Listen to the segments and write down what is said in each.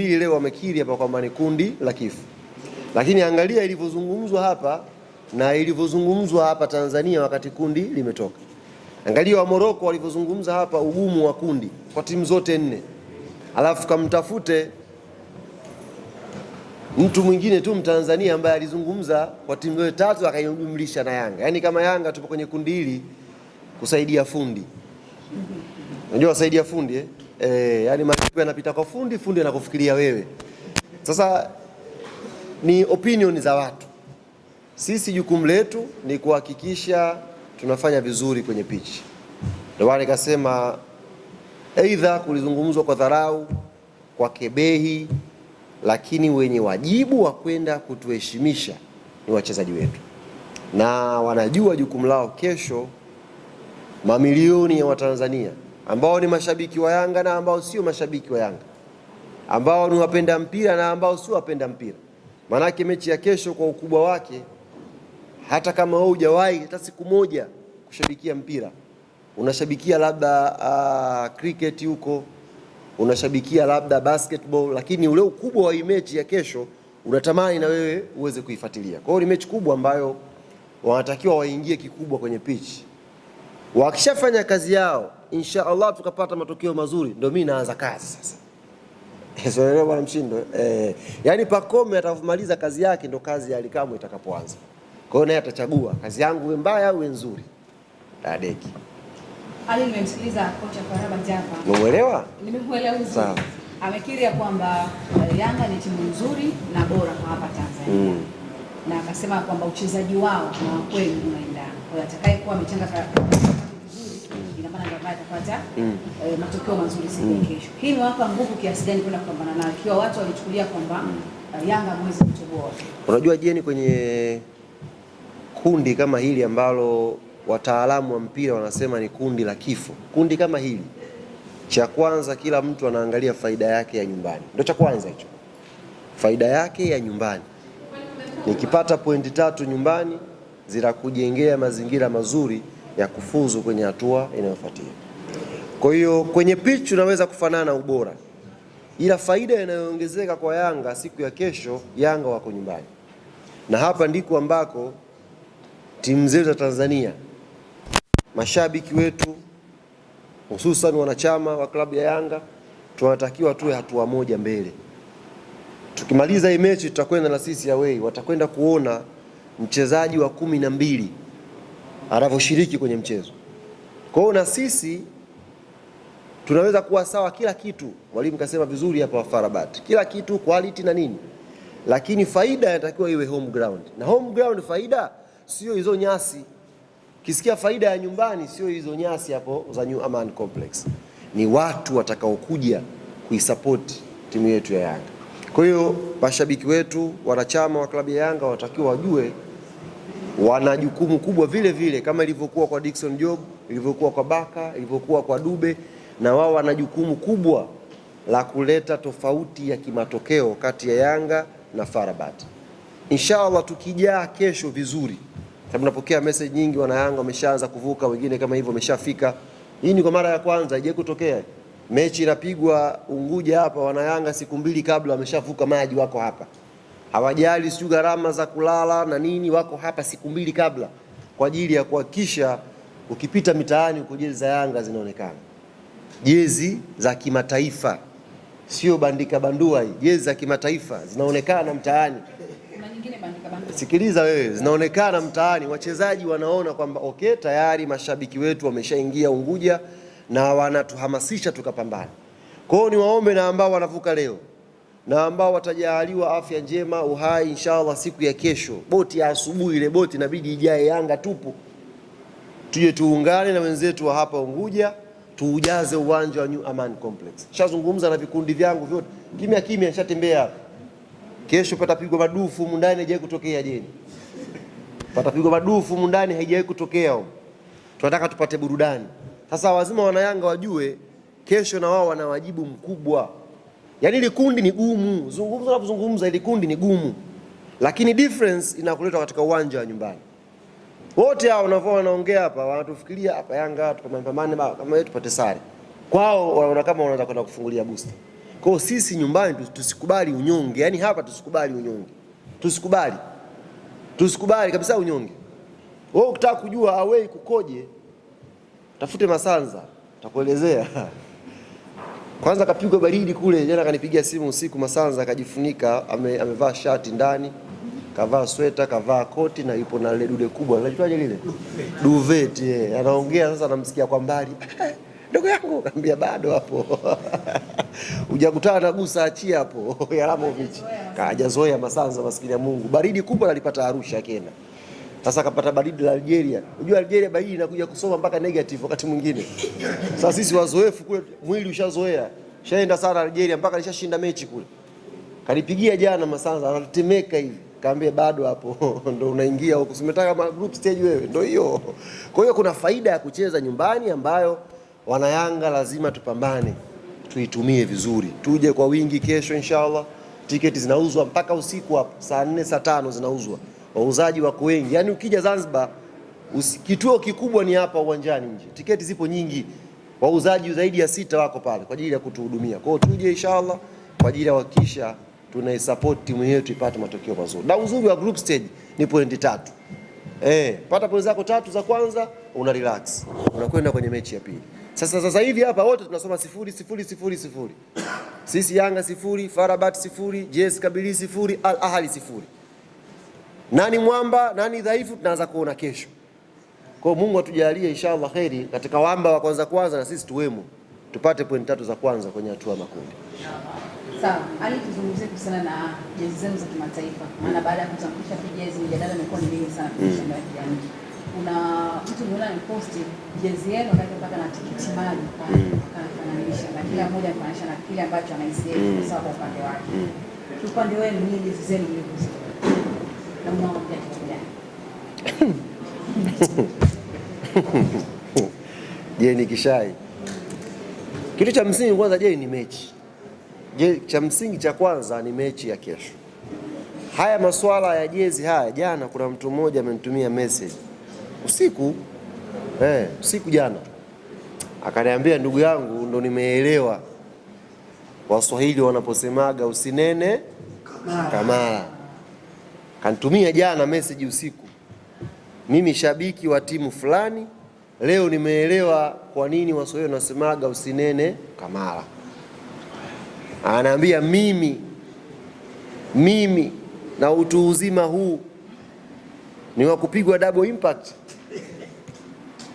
mbili leo wamekiri hapa kwamba ni kundi la kifu, lakini angalia ilivyozungumzwa hapa na ilivyozungumzwa hapa Tanzania wakati kundi limetoka. Angalia wa Moroko walivyozungumza hapa ugumu wa kundi kwa timu zote nne, alafu kamtafute mtu mwingine tu Mtanzania ambaye alizungumza kwa timu zote tatu akaijumlisha na Yanga. Yaani kama Yanga tupo kwenye kundi hili kusaidia fundi, unajua wasaidia fundi eh? eh, yani majibu yanapita kwa fundi, fundi anakufikiria wewe. Sasa ni opinion za watu. Sisi jukumu letu ni kuhakikisha tunafanya vizuri kwenye pichi. Ndio wale kasema aidha kulizungumzwa kwa dharau, kwa kebehi, lakini wenye wajibu wa kwenda kutuheshimisha ni wachezaji wetu, na wanajua jukumu lao. Kesho mamilioni ya Watanzania ambao ni mashabiki wa Yanga na ambao sio mashabiki wa Yanga, ambao ni wapenda mpira na ambao sio wapenda mpira. Maanake mechi ya kesho kwa ukubwa wake, hata kama wewe hujawahi hata siku moja kushabikia mpira, unashabikia labda uh, cricket huko unashabikia labda basketball, lakini ule ukubwa wa mechi ya kesho unatamani na wewe uweze kuifuatilia. Kwa hiyo ni mechi kubwa ambayo wanatakiwa waingie kikubwa kwenye pitch. Wakishafanya kazi yao insha Allah tukapata matokeo mazuri, ndio mimi naanza kazi sasa. Sio bwana Mshindo eh, yani Pacome atamaliza kazi yake ndio kazi ya Alikamwe itakapoanza. Kwa hiyo naye atachagua kazi yangu iwe mbaya au iwe nzuri. Dadeki. Ali nimemsikiliza kocha Karaba Japa. Umeelewa? Nimekuelewa vizuri. Sawa. Amekiri ya kwamba eh, Yanga ni timu nzuri na bora kwa hapa Tanzania. Mm. Na akasema kwamba uchezaji wao na kweli unaendana. Kwa hiyo atakayekuwa amechanga kupata mm. e, matokeo mazuri siku ya mm. kesho. Hii imewapa nguvu kiasi gani kwenda kupambana nayo, ikiwa watu walichukulia kwamba uh, Yanga mwezi kutoboa. Unajua jeni kwenye kundi kama hili ambalo wataalamu wa mpira wanasema ni kundi la kifo, kundi kama hili cha kwanza, kila mtu anaangalia faida yake ya nyumbani, ndio cha kwanza hicho, faida yake ya nyumbani. Nikipata pointi tatu nyumbani zinakujengea mazingira mazuri ya kufuzu kwenye hatua inayofuatia. Kwa hiyo kwenye pitch unaweza kufanana ubora, ila faida inayoongezeka kwa Yanga siku ya kesho, Yanga wako nyumbani, na hapa ndiko ambako timu zetu za Tanzania, mashabiki wetu hususan wanachama wa klabu ya Yanga tunatakiwa tuwe hatua moja mbele. Tukimaliza hii mechi tutakwenda na sisi away, watakwenda kuona mchezaji wa kumi na mbili anavyoshiriki kwenye mchezo kwao na sisi tunaweza kuwa sawa kila kitu. Mwalimu kasema vizuri hapa Farabat, kila kitu quality na nini, lakini faida inatakiwa iwe home ground. Na home ground faida sio hizo nyasi. Kisikia faida ya nyumbani sio hizo nyasi hapo za New Aman Complex, ni watu watakaokuja kuisapoti timu yetu ya Yanga. Kwa hiyo mashabiki wetu, wanachama wa klabu ya Yanga wanatakiwa wajue wana jukumu kubwa vile vile kama ilivyokuwa kwa Dickson Job, ilivyokuwa kwa Baka, ilivyokuwa kwa Dube na wao wana jukumu kubwa la kuleta tofauti ya kimatokeo kati ya Yanga na FAR Rabat. Inshallah tukijaa kesho vizuri, sababu napokea message nyingi, wana Yanga wameshaanza kuvuka, wengine kama hivyo wameshafika. Hii ni kwa mara ya kwanza, haijai kutokea. Mechi inapigwa Unguja hapa, wana Yanga siku mbili kabla wameshavuka maji, wako hapa, hawajali sijui gharama za kulala na nini, wako hapa siku mbili kabla kwa ajili ya kuhakikisha ukipita mitaani huko jezi za Yanga zinaonekana jezi za kimataifa, sio bandika bandua. Jezi za kimataifa zinaonekana mtaani. Sikiliza wewe, zinaonekana mtaani, wachezaji wanaona kwamba okay, tayari mashabiki wetu wameshaingia Unguja na wanatuhamasisha tukapambana Kwa hiyo niwaombe na ambao wanavuka leo na ambao watajaaliwa afya njema, uhai inshallah, siku ya kesho, boti ya asubuhi, ile boti inabidi ijae Yanga tupu, tuje tuungane na wenzetu wa hapa Unguja tuujaze uwanja wa New Aman Complex. Shazungumza na vikundi vyangu vyote kimya kimya, nishatembea. Kesho patapigwa madufu humu ndani, haijawahi kutokea jeni, patapigwa madufu humu ndani, haijawahi kutokea. Tunataka tupate burudani sasa. Wazima wanayanga wajue kesho na wao wana wajibu mkubwa. Yaani ile kundi ni gumu, zungumza na kuzungumza, ile kundi ni gumu, lakini difference inakuletwa katika uwanja wa nyumbani. Wote hao wanavyo wanaongea hapa wanatufikiria hapa Yanga tukapambane kama yetu tupate sare. Kwao wanaona kama wanaweza kwenda kufungulia booster. Kwao sisi nyumbani tusikubali unyonge. Yaani hapa tusikubali unyonge. Tusikubali. Tusikubali kabisa unyonge. Wewe ukitaka kujua away kukoje, tafute Masanza, takuelezea. Kwanza kapigwa baridi kule, jana kanipigia simu usiku Masanza akajifunika, amevaa ame shati ndani kavaa sweta, kavaa koti na yupo na lile dude kubwa, unajuaje lile duvet? Yeah. Anaongea sasa, namsikia kwa mbali ndugu yangu, kaambia bado hapo ujakutana na Gusa, achia hapo Yalamovichi kajazoea Masanza, maskini ya Mungu. Baridi kubwa alipata Arusha, akenda sasa kapata baridi la Algeria. Unajua Algeria baridi inakuja kusoma mpaka negative wakati mwingine. Sasa sisi wazoefu kule, mwili ushazoea, shaenda sana Algeria mpaka alishashinda mechi kule. Kanipigia jana Masanza, anatetemeka hivi kaambie bado hapo ndo unaingia huko, simetaka ma group stage wewe, ndo hiyo. Kwa hiyo kuna faida ya kucheza nyumbani ambayo wanayanga lazima tupambane tuitumie vizuri, tuje kwa wingi kesho inshallah. Tiketi zinauzwa mpaka usiku hapo saa nne saa tano zinauzwa, wauzaji wako wengi. Yani ukija Zanzibar usi, kituo kikubwa ni hapa uwanjani nje, tiketi zipo nyingi, wauzaji zaidi ya sita wako pale kwa ajili ya kutuhudumia. Kwa hiyo tuje inshallah kwa ajili ya kuhakikisha tunaisupport timu yetu ipate matokeo mazuri, na uzuri wa group stage ni pointi tatu. Eh, pata pointi zako tatu za kwanza, una relax unakwenda kwenye mechi ya pili. Sasa sasa hivi hapa wote tunasoma sifuri sifuri sifuri sifuri, sisi Yanga sifuri, Farabat sifuri, JS Kabili sifuri, Al Ahli sifuri. Nani mwamba nani dhaifu, tunaanza kuona kesho. Kwa Mungu atujalie inshallah kheri katika wamba wa kwanza kwanza, na sisi tuwemo tupate pointi tatu za kwanza kwenye hatua makundi. Sawa, tuzungumzie kuhusiana na jezi zenu za kimataifa, mm. maana baada ya kutambulisha jezi mjadala imekuwa ni mingi sana kwenye mitandao mm. ya kijamii. Kuna mtu mmoja jezi yenu wakati mpaka na tikiti maji na kila mmoja anafananisha na kile ambacho anahisi yeye mm. kwa upande wake. Kwa wenu ni jezi zenu na mnaongea kitu gani? Je, ni kishai. Kitu cha msingi kwanza, je, ni mechi cha msingi cha kwanza ni mechi ya kesho. Haya masuala ya jezi haya, jana kuna mtu mmoja amenitumia message usiku eh, usiku jana akaniambia, ndugu yangu, ndo nimeelewa Waswahili wanaposemaga usinene kamara. Kanitumia jana message usiku, mimi shabiki wa timu fulani, leo nimeelewa kwa nini Waswahili wanasemaga usinene kamara. Anaambia mimi mimi na utu uzima huu ni wa kupigwa double impact.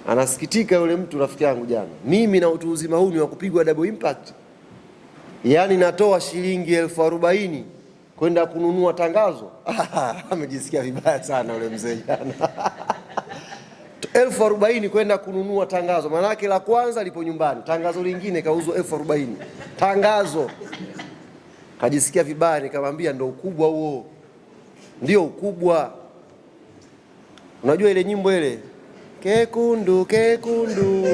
Anasikitika yule mtu, rafiki yangu jana, mimi na utu uzima huu ni wa kupigwa double impact. Yaani natoa shilingi elfu arobaini kwenda kununua tangazo. Amejisikia vibaya sana yule mzee jana. elfu arobaini kwenda kununua tangazo, maanake la kwanza lipo nyumbani, tangazo lingine kauzwa elfu arobaini tangazo. Kajisikia vibaya, nikamwambia ndo ukubwa huo, ndio ukubwa. Unajua ile nyimbo ile kekundu kekundu,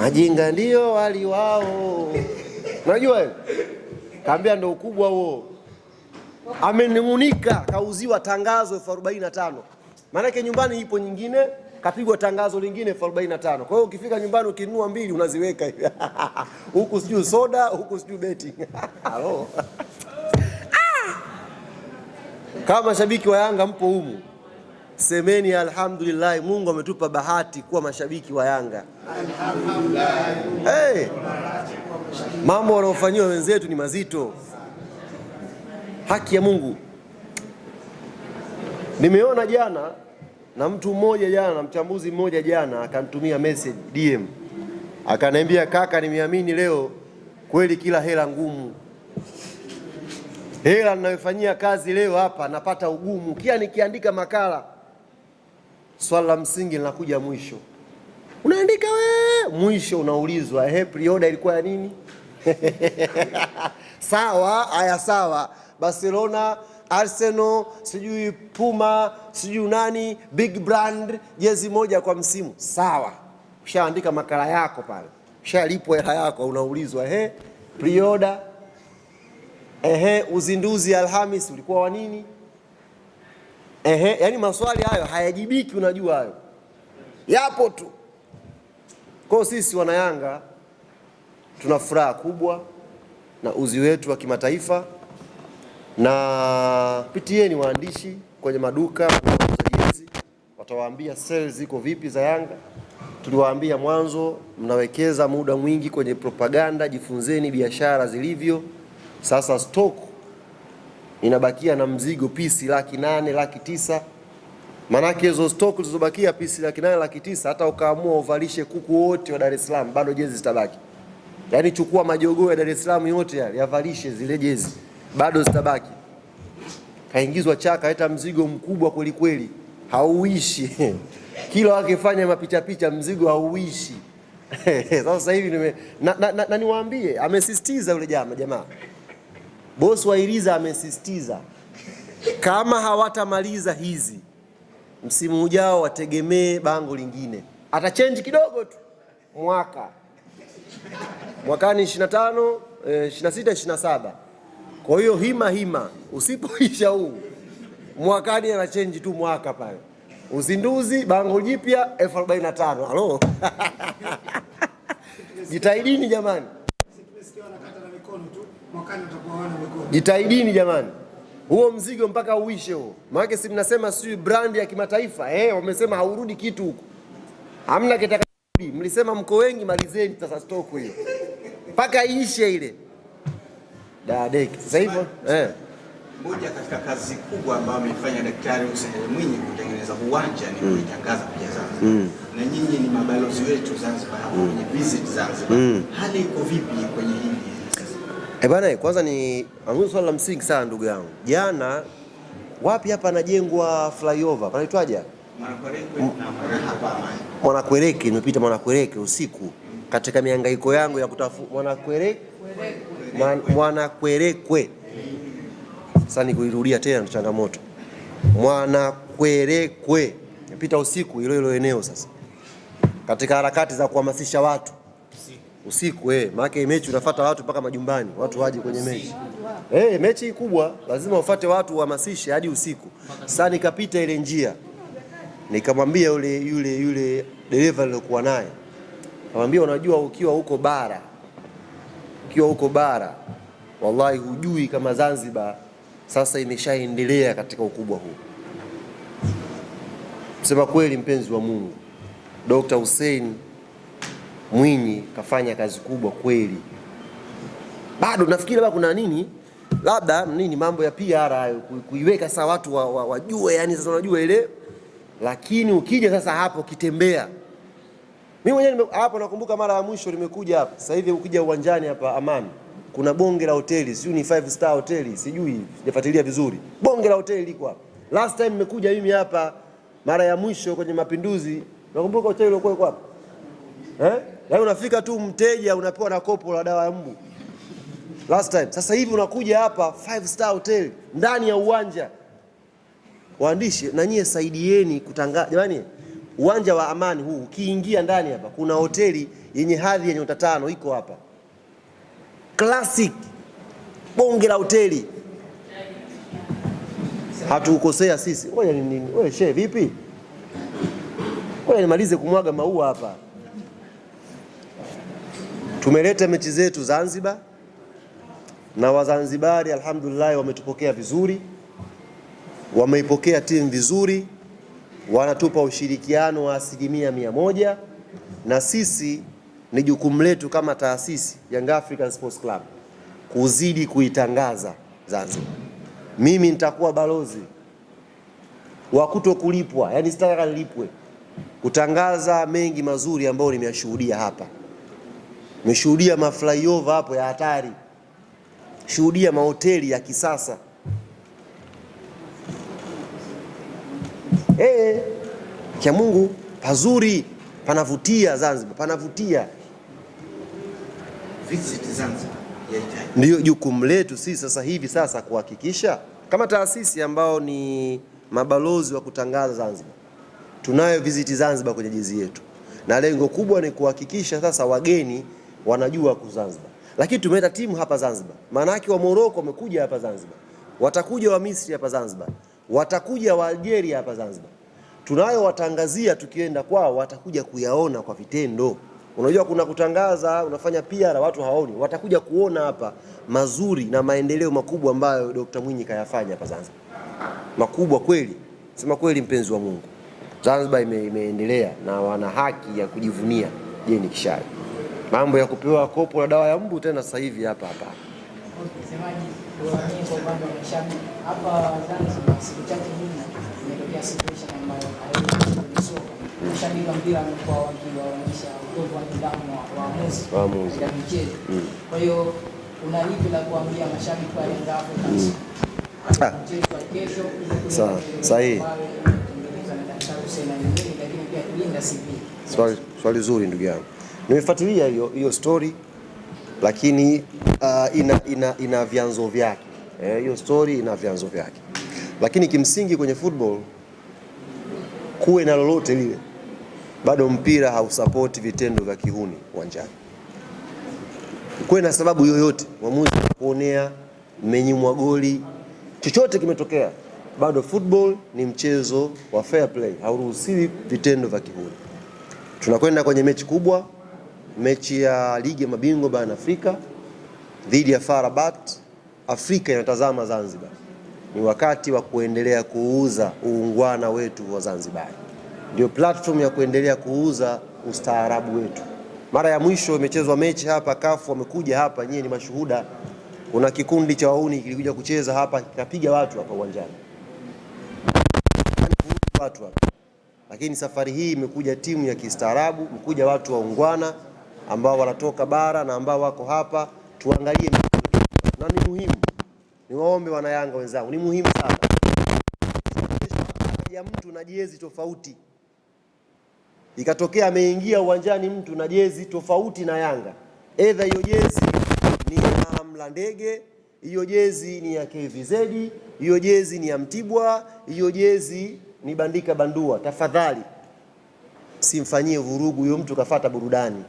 majinga ndio wali wao, unajua kaambia ndo ukubwa huo. Amenung'unika, kauziwa tangazo elfu arobaini na tano. Maanake nyumbani ipo nyingine kapigwa tangazo lingine elfu arobaini na tano. Kwa hiyo ukifika nyumbani ukinunua mbili unaziweka hivi. Huku sijui soda, huku sijui beti Halo. Ah! Kama mashabiki wa Yanga mpo humu, semeni alhamdulillah, Mungu ametupa bahati kuwa mashabiki wa Yanga. Alhamdulillah. Hey. Mambo wanaofanyiwa wenzetu ni mazito. Haki ya Mungu Nimeona jana na mtu mmoja jana na mchambuzi mmoja jana akanitumia message DM akaniambia, kaka, nimeamini leo kweli, kila hela ngumu, hela ninayofanyia kazi leo hapa napata ugumu, kila nikiandika makala swala la msingi linakuja mwisho. Unaandika we, mwisho unaulizwa, ehe, prioda ilikuwa ya nini? Sawa, haya, sawa, Barcelona Arsenal, sijui Puma, sijui nani, big brand, jezi moja kwa msimu. Sawa, ushaandika makala yako pale, ushalipwa hela yako, unaulizwa he, prioda ehe, uzinduzi Alhamis ulikuwa wa nini? Ehe, yani maswali hayo hayajibiki, unajua hayo yapo tu. Kwa sisi wanayanga tuna furaha kubwa na uzi wetu wa kimataifa na pitieni waandishi kwenye maduka sajezi, watawaambia sales ziko vipi za Yanga. Tuliwaambia mwanzo, mnawekeza muda mwingi kwenye propaganda, jifunzeni biashara zilivyo. Sasa stock inabakia na mzigo pisi laki nane laki tisa Manake hizo stock zilizobakia pisi laki nane laki tisa hata ukaamua uvalishe kuku wote wa Dar es Salaam bado jezi zitabaki. Yaani chukua majogoo ya Dar es Salaam yote yale yavalishe zile jezi bado zitabaki. Kaingizwa chaka eta mzigo mkubwa kweli kweli, hauishi kila wakifanya mapichapicha mzigo hauishi. Sasa hivi nime na, na, na, na niwaambie, amesisitiza yule jamaa jamaa, bosi wa Iliza amesisitiza kama hawatamaliza hizi msimu ujao wategemee bango lingine, ata change kidogo tu mwaka mwakani 25 26 27 kwa hiyo hima hima, usipoisha huu mwakani, ana change tu mwaka pale. Uzinduzi bango jipya 1045 arobaini na tano. Halo, jitahidini jamani, jitahidini jamani, huo mzigo mpaka uishe huo. Maana si mnasema si brand ya kimataifa eh, wamesema haurudi kitu huko, hamna kitaka. Mlisema mko wengi, malizeni sasa stoku hiyo mpaka iishe ile. Dadeki. Sasa hivyo eh, moja katika kazi kubwa ambayo amefanya Daktari Hussein Mwinyi kutengeneza uwanja ni mm. kuitangaza mm. kuja Zanzibar mm. na nyinyi ni mabalozi wetu Zanzibar mm. kwenye visit Zanzibar mm. hali iko vipi kwenye hili eh bana? Kwanza ni swala la msingi sana ndugu yangu, jana wapi hapa anajengwa flyover panaitwaje? Mwanakwereke, nimepita Mwanakwereke usiku katika miangaiko yangu ya kutafuta Mwanakwereke Mwanakwerekwe. Sasa nikuirudia tena changamoto, Mwanakwerekwe pita usiku ilo ilo eneo sasa, katika harakati za kuhamasisha watu usiku eh, maana mechi unafuata watu mpaka majumbani, watu waje kwenye mechi eh, mechi kubwa lazima ufuate watu uhamasishe hadi usiku. Sasa nikapita ile njia, nikamwambia yule yule yule dereva nilokuwa naye, namwambia unajua, ukiwa huko bara ukiwa huko bara, wallahi hujui kama Zanzibar sasa imeshaendelea katika ukubwa huu. Sema kweli, mpenzi wa Mungu, Dr. Hussein Mwinyi kafanya kazi kubwa kweli. Bado nafikiri labda kuna nini labda nini mambo ya PR hayo kuiweka sawa, watu wajue wa, wa, yani sasa unajua ile, lakini ukija sasa hapo kitembea mimi mwenyewe hapo nakumbuka mara ya mwisho nimekuja hapa. Sasa hivi ukija uwanjani hapa Amani kuna bonge la hoteli, sijui ni five star hoteli, sijui sijafuatilia vizuri. Bonge la hoteli liko hapa. Last time nimekuja mimi hapa mara ya mwisho kwenye Mapinduzi, nakumbuka hoteli ilikuwa iko hapa. Eh? Yaani unafika tu mteja unapewa na kopo la dawa ya mbu. Last time. Sasa hivi unakuja hapa five star hotel ndani ya uwanja. Waandishi na nyie saidieni kutangaza. Jamani, Uwanja wa Amani huu ukiingia ndani hapa kuna hoteli yenye hadhi ya nyota tano iko hapa, classic bonge la hoteli, hatukukosea sisi. Wewe nini wewe, shehe vipi? Wewe nimalize kumwaga maua hapa. Tumeleta mechi zetu Zanzibar na Wazanzibari alhamdulillah, wametupokea vizuri, wameipokea timu vizuri wanatupa ushirikiano wa asilimia mia moja na sisi ni jukumu letu kama taasisi Young African Sports Club kuzidi kuitangaza Zanzibar. Mimi nitakuwa balozi wa kuto kulipwa, yani sitaka nilipwe, kutangaza mengi mazuri ambayo nimeyashuhudia hapa. Nimeshuhudia maflyover hapo ya hatari, shuhudia mahoteli ya kisasa eh, cha eh. Mungu pazuri, panavutia. Zanzibar panavutia. Visit Zanzibar ndiyo jukumu letu sisi sasa hivi, sasa kuhakikisha kama taasisi ambao ni mabalozi wa kutangaza Zanzibar, tunayo viziti Zanzibar kwenye jezi yetu, na lengo kubwa ni kuhakikisha sasa wageni wanajua ku Zanzibar. Lakini tumeleta timu hapa Zanzibar, maana yake wa Moroko wamekuja hapa Zanzibar, watakuja wa Misri hapa Zanzibar. Watakuja wa Algeria hapa Zanzibar, tunayowatangazia tukienda kwao watakuja kuyaona kwa vitendo. Unajua kuna kutangaza, unafanya PR, watu hawaoni. Watakuja kuona hapa mazuri na maendeleo makubwa ambayo Dr. Mwinyi kayafanya hapa Zanzibar, makubwa kweli. Sema kweli, mpenzi wa Mungu, Zanzibar ime, imeendelea na wana haki ya kujivunia. Je, ni kishari mambo ya kupewa kopo la dawa ya mbu tena sasa hivi hapa hapa kuonyesha kwamba hapa Zanzibar. Siku chache nyuma imetokea situation ambayo mashabiki wa mpira wamekuwa wakiwaonyesha utovu wa nidhamu wa waamuzi katika michezo. Mm. Kwa hiyo una lipi la kuambia mashabiki wa mm. ah. kesho sawa sahihi. Swali zuri ndugu yangu, nimefuatilia hiyo hiyo story lakini uh, ina, ina, ina vyanzo vyake eh, hiyo eh, story ina vyanzo vyake, lakini kimsingi kwenye football kuwe na lolote lile, bado mpira hausapoti vitendo vya kihuni uwanjani. Kuwe na sababu yoyote, mwamuzi kuonea, mmenyimwa goli, chochote kimetokea, bado football ni mchezo wa fair play, hauruhusiwi vitendo vya kihuni. Tunakwenda kwenye mechi kubwa mechi ya ligi ya mabingwa barani Afrika dhidi ya FAR Rabat. Afrika inatazama Zanzibar, ni wakati wa kuendelea kuuza uungwana wetu wa Zanzibar, ndio platform ya kuendelea kuuza ustaarabu wetu. Mara ya mwisho imechezwa mechi hapa, kafu wamekuja hapa, nyie ni mashuhuda. Kuna kikundi cha wauni kilikuja kucheza hapa kikapiga watu hapa uwanjani watu hapa, lakini safari hii imekuja timu ya kistaarabu, mekuja watu waungwana ambao wanatoka bara na ambao wako hapa, tuangalie na ni muhimu. Niwaombe wanayanga wenzangu, ni muhimu sana ya mtu na jezi tofauti, ikatokea ameingia uwanjani mtu na jezi tofauti na Yanga, edha hiyo jezi ni ya Mlandege, hiyo jezi ni ya KVZ, hiyo jezi ni ya Mtibwa, hiyo jezi ni Bandika Bandua, tafadhali simfanyie vurugu. Huyo mtu kafata burudani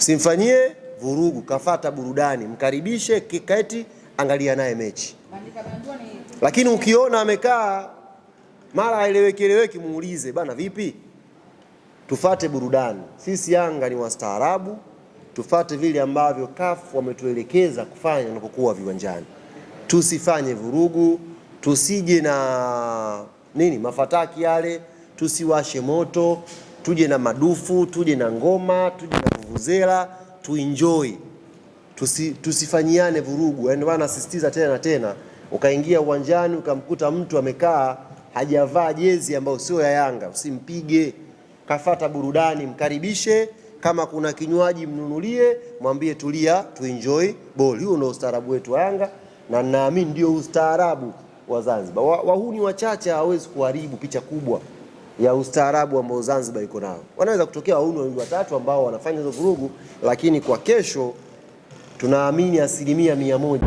simfanyie vurugu, kafata burudani, mkaribishe kiketi, angalia naye mechi. Lakini ukiona amekaa mara aeleweki eleweki, muulize bana, vipi? Tufate burudani. Sisi Yanga ni wastaarabu, tufate vile ambavyo CAF wametuelekeza kufanya tunapokuwa viwanjani. Tusifanye vurugu, tusije na nini mafataki yale, tusiwashe moto, tuje na madufu, tuje na ngoma, tuje na vuvuzela, tuenjoy, tusi, tusifanyiane vurugu. Yaani ndio maana nasisitiza tena tena, ukaingia uwanjani ukamkuta mtu amekaa hajavaa jezi ambayo sio ya Yanga, usimpige. Kafata burudani, mkaribishe. Kama kuna kinywaji mnunulie, mwambie tulia, tuenjoy ball. Huo ndio ustaarabu wetu wa Yanga, na naamini ndio ustaarabu wa Zanzibar. Wahuni wachache hawawezi kuharibu picha kubwa ya ustaarabu ambao Zanzibar iko nao. Wanaweza kutokea wauni wawili watatu ambao wanafanya hizo vurugu, lakini kwa kesho tunaamini asilimia mia moja